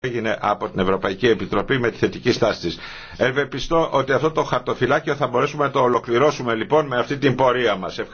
έγινε από την Ευρωπαϊκή Επιτροπή με τη θετική στάση της. Ευεπιστώ ότι αυτό το χαρτοφυλάκιο θα μπορέσουμε να το ολοκληρώσουμε λοιπόν με αυτή την πορεία μας.